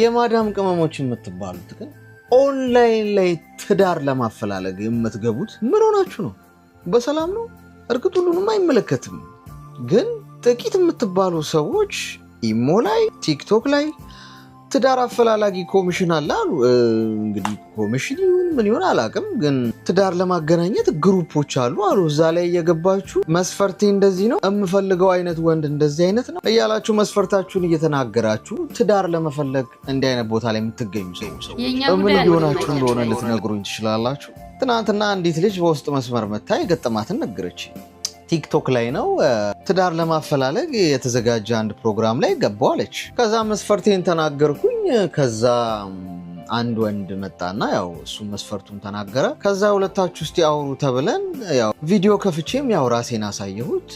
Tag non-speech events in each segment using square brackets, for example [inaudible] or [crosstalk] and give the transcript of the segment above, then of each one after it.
የማዳም ቅመሞች የምትባሉት ግን ኦንላይን ላይ ትዳር ለማፈላለግ የምትገቡት ምን ሆናችሁ ነው? በሰላም ነው? እርግጥ ሁሉንም አይመለከትም፣ ግን ጥቂት የምትባሉ ሰዎች ኢሞ ላይ፣ ቲክቶክ ላይ ትዳር አፈላላጊ ኮሚሽን አለ አሉ። እንግዲህ ኮሚሽን ይሁን ምን ይሁን አላውቅም፣ ግን ትዳር ለማገናኘት ግሩፖች አሉ አሉ። እዛ ላይ የገባችሁ መስፈርቴ እንደዚህ ነው፣ የምፈልገው አይነት ወንድ እንደዚህ አይነት ነው እያላችሁ መስፈርታችሁን እየተናገራችሁ ትዳር ለመፈለግ እንዲህ አይነት ቦታ ላይ የምትገኙ ሰዎች ምን ሊሆናችሁ እንደሆነ ልትነግሩኝ ትችላላችሁ? ትናንትና አንዲት ልጅ በውስጥ መስመር መታ የገጠማትን ነገረች። ቲክቶክ ላይ ነው ትዳር ለማፈላለግ የተዘጋጀ አንድ ፕሮግራም ላይ ገባዋለች። ከዛ መስፈርቴን ተናገርኩኝ። ከዛ አንድ ወንድ መጣና ያው እሱ መስፈርቱን ተናገረ። ከዛ ሁለታችሁ ውስጥ ያውሩ ተብለን ያው ቪዲዮ ከፍቼም ያው ራሴን አሳየሁት።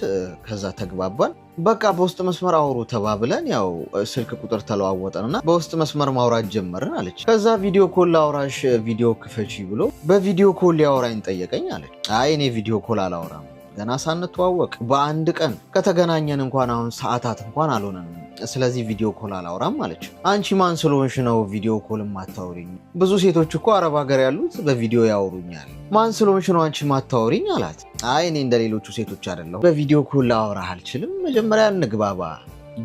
ከዛ ተግባባን። በቃ በውስጥ መስመር አውሩ ተባብለን ያው ስልክ ቁጥር ተለዋወጠን ተለዋወጠንና በውስጥ መስመር ማውራት ጀመርን አለች። ከዛ ቪዲዮ ኮል አውራሽ ቪዲዮ ክፈች ብሎ በቪዲዮ ኮል ሊያወራኝ ጠየቀኝ አለች። አይ እኔ ቪዲዮ ኮል አላወራም ገና ሳንተዋወቅ በአንድ ቀን ከተገናኘን እንኳን አሁን ሰዓታት እንኳን አልሆነን። ስለዚህ ቪዲዮ ኮል አላውራም አለች። አንቺ ማን ስለሆንሽ ነው ቪዲዮ ኮል ማታወሪኝ? ብዙ ሴቶች እኮ አረብ ሀገር ያሉት በቪዲዮ ያወሩኛል። ማን ስለሆንሽ ነው አንቺ ማታወሪኝ አላት። አይ እኔ እንደ ሌሎቹ ሴቶች አይደለሁ፣ በቪዲዮ ኮል ላውራህ አልችልም። መጀመሪያ እንግባባ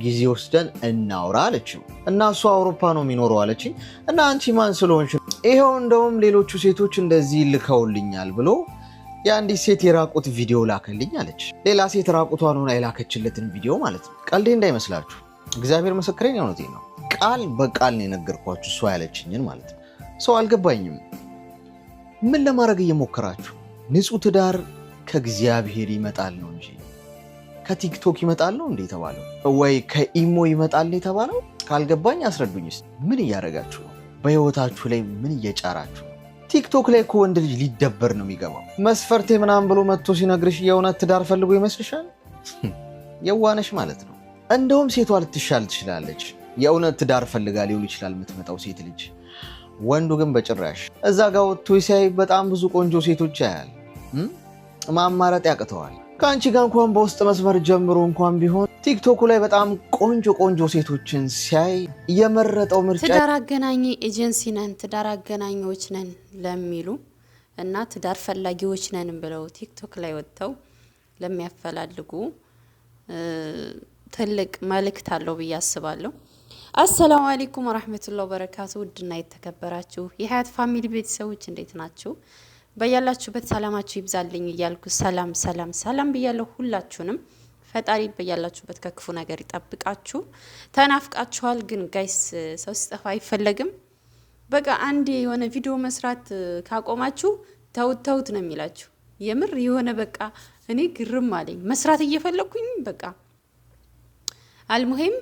ጊዜ ወስደን እናውራ አለችው እና እሱ አውሮፓ ነው የሚኖረው አለችኝ እና አንቺ ማን ስለሆንሽ ይኸው እንደውም ሌሎቹ ሴቶች እንደዚህ ልከውልኛል ብሎ የአንዲት ሴት የራቁት ቪዲዮ ላከልኝ አለች። ሌላ ሴት ራቁቷን ሆና የላከችለትን ቪዲዮ ማለት ነው። ቀልዴ እንዳይመስላችሁ እግዚአብሔር ምስክሬን፣ እውነቴ ነው። ቃል በቃል ነው የነገርኳችሁ፣ እሷ ያለችኝን ማለት ነው። ሰው አልገባኝም። ምን ለማድረግ እየሞከራችሁ? ንጹሕ ትዳር ከእግዚአብሔር ይመጣል ነው እንጂ ከቲክቶክ ይመጣል ነው እንደ የተባለው ወይ ከኢሞ ይመጣል ነው የተባለው። ካልገባኝ አስረዱኝ። ምን እያደረጋችሁ ነው? በህይወታችሁ ላይ ምን እየጫራችሁ ቲክቶክ ላይ እኮ ወንድ ልጅ ሊደበር ነው የሚገባው። መስፈርቴ ምናምን ብሎ መጥቶ ሲነግርሽ የእውነት ትዳር ፈልጎ ይመስልሻል? [laughs] የዋነሽ ማለት ነው። እንደውም ሴቷ ልትሻል ትችላለች። የእውነት ትዳር ፈልጋ ሊሆን ይችላል የምትመጣው ሴት ልጅ። ወንዱ ግን በጭራሽ እዛ ጋር ወጥቶ ሲያይ በጣም ብዙ ቆንጆ ሴቶች ያያል። ማማረጥ ያቅተዋል። ከአንቺ ጋር እንኳን በውስጥ መስመር ጀምሮ እንኳን ቢሆን ቲክቶኩ ላይ በጣም ቆንጆ ቆንጆ ሴቶችን ሲያይ የመረጠው ምርጫ ትዳር አገናኝ ኤጀንሲ ነን፣ ትዳር አገናኞች ነን ለሚሉ እና ትዳር ፈላጊዎች ነን ብለው ቲክቶክ ላይ ወጥተው ለሚያፈላልጉ ትልቅ መልእክት አለው ብዬ አስባለሁ። አሰላሙ አሌይኩም ወረህመቱላ ወበረካቱ። ውድና የተከበራችሁ የሀያት ፋሚሊ ቤተሰቦች እንዴት ናችሁ? በያላችሁበት ሰላማችሁ ይብዛልኝ እያልኩ ሰላም ሰላም ሰላም ብያለሁ ሁላችሁንም ፈጣሪ በያላችሁበት ከክፉ ነገር ይጠብቃችሁ። ተናፍቃችኋል። ግን ጋይስ ሰው ሲጠፋ አይፈለግም። በቃ አንድ የሆነ ቪዲዮ መስራት ካቆማችሁ ተውት ተውት ነው የሚላችሁ። የምር የሆነ በቃ እኔ ግርም አለኝ መስራት እየፈለግኩኝ በቃ አልሙሄም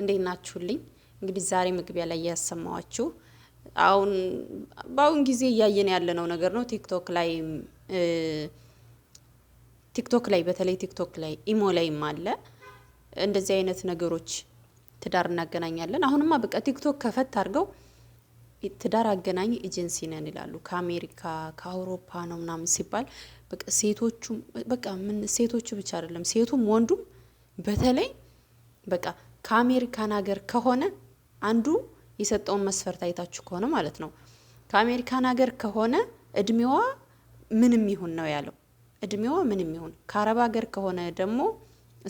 እንዴት ናችሁልኝ? እንግዲህ ዛሬ መግቢያ ላይ ያሰማዋችሁ አሁን በአሁን ጊዜ እያየን ያለነው ነገር ነው ቲክቶክ ላይ ቲክቶክ ላይ በተለይ ቲክቶክ ላይ ኢሞ ላይም አለ እንደዚህ አይነት ነገሮች ትዳር እናገናኛለን። አሁንማ በቃ ቲክቶክ ከፈት አድርገው ትዳር አገናኝ ኤጀንሲ ነን ይላሉ። ከአሜሪካ ከአውሮፓ ነው ምናምን ሲባል በቃ በቃ ምን ሴቶቹ ብቻ አይደለም ሴቱም ወንዱም በተለይ በቃ ከአሜሪካን ሀገር ከሆነ አንዱ የሰጠውን መስፈርት አይታችሁ ከሆነ ማለት ነው ከአሜሪካን ሀገር ከሆነ እድሜዋ ምንም ይሁን ነው ያለው። እድሜዋ ምንም ይሁን ከአረብ ሀገር ከሆነ ደግሞ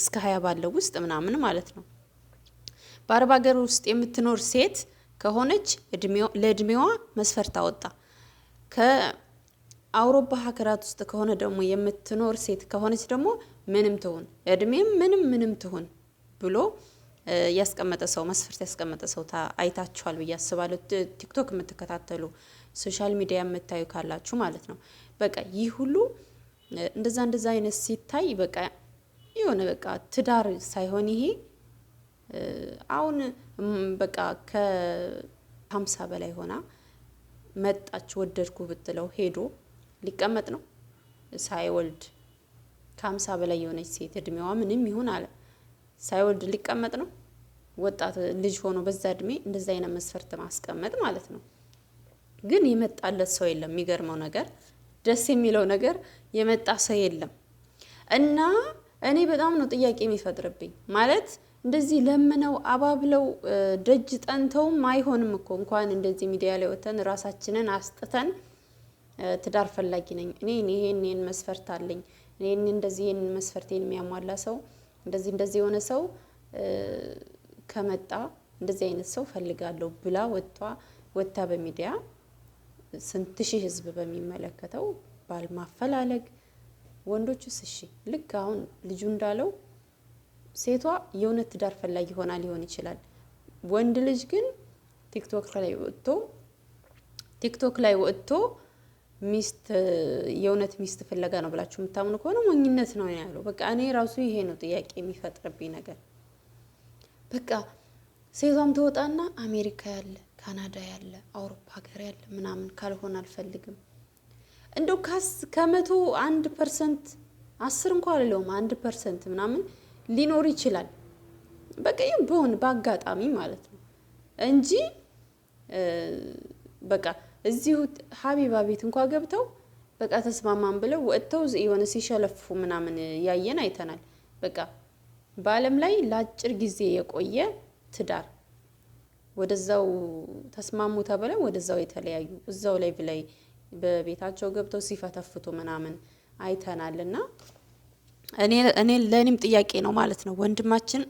እስከ ሀያ ባለው ውስጥ ምናምን ማለት ነው። በአረብ ሀገር ውስጥ የምትኖር ሴት ከሆነች ለእድሜዋ መስፈርት አወጣ። ከአውሮፓ ሀገራት ውስጥ ከሆነ ደግሞ የምትኖር ሴት ከሆነች ደግሞ ምንም ትሁን እድሜም ምንም ምንም ትሁን ብሎ ያስቀመጠ ሰው መስፈርት ያስቀመጠ ሰው አይታችኋል ብዬ አስባለሁ። ቲክቶክ የምትከታተሉ ሶሻል ሚዲያ የምታዩ ካላችሁ ማለት ነው። በቃ ይህ ሁሉ እንደዛ እንደዛ አይነት ሲታይ በቃ የሆነ በቃ ትዳር ሳይሆን ይሄ አሁን በቃ ከሀምሳ በላይ ሆና መጣች ወደድኩ ብትለው ሄዶ ሊቀመጥ ነው ሳይወልድ ከሀምሳ በላይ የሆነች ሴት እድሜዋ ምንም ይሁን አለ ሳይወልድ ሊቀመጥ ነው። ወጣት ልጅ ሆኖ በዛ እድሜ እንደዛ አይነት መስፈርት ማስቀመጥ ማለት ነው። ግን የመጣለት ሰው የለም። የሚገርመው ነገር ደስ የሚለው ነገር የመጣ ሰው የለም እና እኔ በጣም ነው ጥያቄ የሚፈጥርብኝ ማለት እንደዚህ ለምነው አባብለው ደጅ ጠንተውም አይሆንም እኮ እንኳን እንደዚህ ሚዲያ ላይ ወተን ራሳችንን አስጥተን ትዳር ፈላጊ ነኝ እኔ ይሄን ይሄን መስፈርት አለኝ እኔ እንደዚህ ይሄን መስፈርቴን የሚያሟላ ሰው እንደዚህ እንደዚህ የሆነ ሰው ከመጣ እንደዚህ አይነት ሰው ፈልጋለሁ ብላ ወጥቷ ወጥታ በሚዲያ ስንት ሺህ ህዝብ በሚመለከተው ባል ማፈላለግ ወንዶችስ? እሺ ልክ አሁን ልጁ እንዳለው ሴቷ የእውነት ትዳር ፈላጊ ሆና ሊሆን ይችላል። ወንድ ልጅ ግን ቲክቶክ ላይ ወጥቶ ቲክቶክ ላይ ወጥቶ ሚስት የእውነት ሚስት ፍለጋ ነው ብላችሁ የምታምኑ ከሆነ ሞኝነት ነው ያለው። በቃ እኔ ራሱ ይሄ ነው ጥያቄ የሚፈጥርብኝ ነገር። በቃ ሴቷም ትወጣና አሜሪካ ያለ ካናዳ ያለ አውሮፓ ሀገር ያለ ምናምን ካልሆን አልፈልግም። እንደው ከመቶ አንድ ፐርሰንት አስር እንኳ አልለውም አንድ ፐርሰንት ምናምን ሊኖር ይችላል። በቃ በሆን በአጋጣሚ ማለት ነው እንጂ በቃ እዚሁ ሀቢባ ቤት እንኳ ገብተው በቃ ተስማማን ብለው ወጥተው የሆነ ሲሸለፉ ምናምን ያየን አይተናል። በቃ በዓለም ላይ ለአጭር ጊዜ የቆየ ትዳር ወደዛው ተስማሙ ተብለው ወደዛው የተለያዩ እዛው ላይ ብላይ በቤታቸው ገብተው ሲፈተፍቱ ምናምን አይተናል። እና እኔ ለእኔም ጥያቄ ነው ማለት ነው ወንድማችን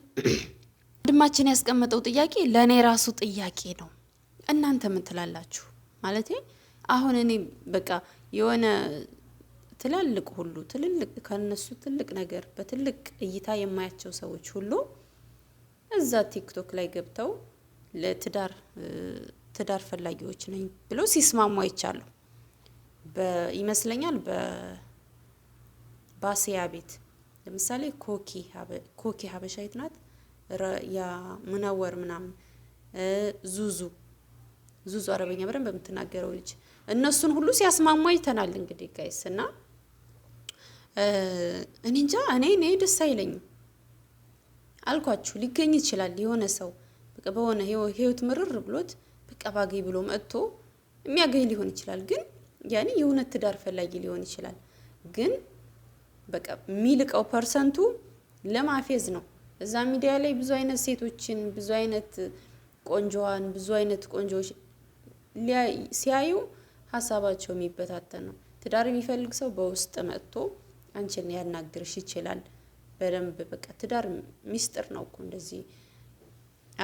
ወንድማችን ያስቀመጠው ጥያቄ ለእኔ ራሱ ጥያቄ ነው። እናንተ ምን ትላላችሁ? ማለት አሁን እኔ በቃ የሆነ ትላልቅ ሁሉ ትልልቅ ከነሱ ትልቅ ነገር በትልቅ እይታ የማያቸው ሰዎች ሁሉ እዛ ቲክቶክ ላይ ገብተው ለትዳር ትዳር ፈላጊዎች ነኝ ብለው ሲስማሙ አይቻለሁ። ይመስለኛል በባሲያ ቤት ለምሳሌ ኮኪ ሀበሻዊት ናት። ያ ምነወር ምናምን ዙዙ ዙዙ አረበኛ በደንብ በምትናገረው ልጅ እነሱን ሁሉ ሲያስማሙ አይተናል። እንግዲህ ጋይስ እና እኔ እንጃ እኔ እኔ ደስ አይለኝም አልኳችሁ። ሊገኝ ይችላል የሆነ ሰው በቃ በሆነ ህይወት ምርር ብሎት በቃ ባገኝ ብሎ መጥቶ የሚያገኝ ሊሆን ይችላል። ግን ያኔ የእውነት ትዳር ፈላጊ ሊሆን ይችላል። ግን በቃ የሚልቀው ፐርሰንቱ ለማፌዝ ነው። እዛ ሚዲያ ላይ ብዙ አይነት ሴቶችን ብዙ አይነት ቆንጆዋን ብዙ አይነት ቆንጆዎች ሲያዩ ሀሳባቸው የሚበታተን ነው። ትዳር የሚፈልግ ሰው በውስጥ መጥቶ አንቺን ያናግርሽ ይችላል። በደንብ በቃ ትዳር ሚስጥር ነው እኮ እንደዚህ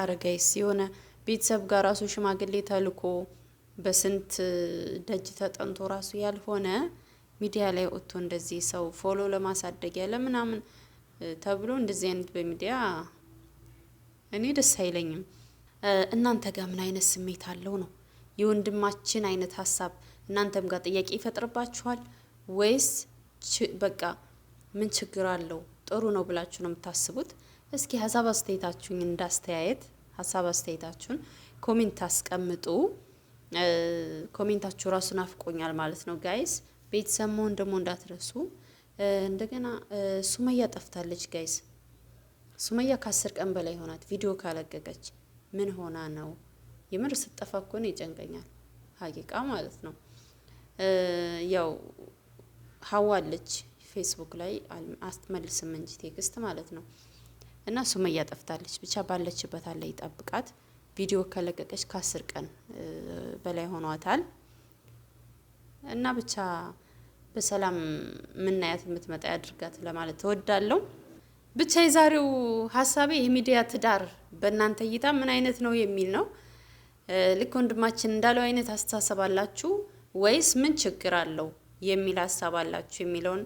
አረጋይስ የሆነ ቤተሰብ ጋር ራሱ ሽማግሌ ተልኮ በስንት ደጅ ተጠንቶ ራሱ ያልሆነ ሚዲያ ላይ ወጥቶ እንደዚህ ሰው ፎሎ ለማሳደጊያ ለምናምን ተብሎ እንደዚህ አይነት በሚዲያ እኔ ደስ አይለኝም። እናንተ ጋር ምን አይነት ስሜት አለው ነው የወንድማችን አይነት ሀሳብ እናንተም ጋር ጥያቄ ይፈጥርባችኋል ወይስ በቃ ምን ችግር አለው ጥሩ ነው ብላችሁ ነው የምታስቡት? እስኪ ሀሳብ አስተያየታችሁን እንዳስተያየት ሀሳብ አስተያየታችሁን ኮሜንት አስቀምጡ። ኮሜንታችሁ ራሱ ናፍቆኛል ማለት ነው ጋይስ። ቤተሰብ መሆን ደግሞ እንዳትረሱ። እንደገና ሱመያ ጠፍታለች ጋይስ። ሱመያ ከአስር ቀን በላይ ሆናት ቪዲዮ ካለቀቀች። ምን ሆና ነው? የምር ስጠፋ እኮ ነው ይጨንቀኛል። ሀቂቃ ማለት ነው ያው ሀዋለች ፌስቡክ ላይ አትመልስም እንጂ ቴክስት ማለት ነው እና ሱመያ ጠፍታለች። ብቻ ባለችበት አለ ይጠብቃት። ቪዲዮ ከለቀቀች ከአስር ቀን በላይ ሆኗታል እና ብቻ በሰላም ምናያት የምትመጣ ያድርጋት ለማለት ተወዳለሁ። ብቻ የዛሬው ሀሳቤ የሚዲያ ትዳር በእናንተ እይታ ምን አይነት ነው የሚል ነው። ልክ ወንድማችን እንዳለው አይነት አስተሳሰብ አላችሁ ወይስ ምን ችግር አለው የሚል ሀሳብ አላችሁ የሚለውን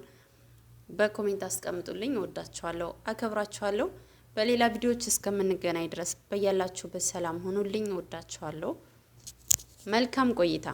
በኮሜንት አስቀምጡልኝ። ወዳችኋለሁ፣ አከብራችኋለሁ። በሌላ ቪዲዮዎች እስከምንገናኝ ድረስ በያላችሁበት ሰላም ሆኑልኝ። ወዳችኋለሁ። መልካም ቆይታ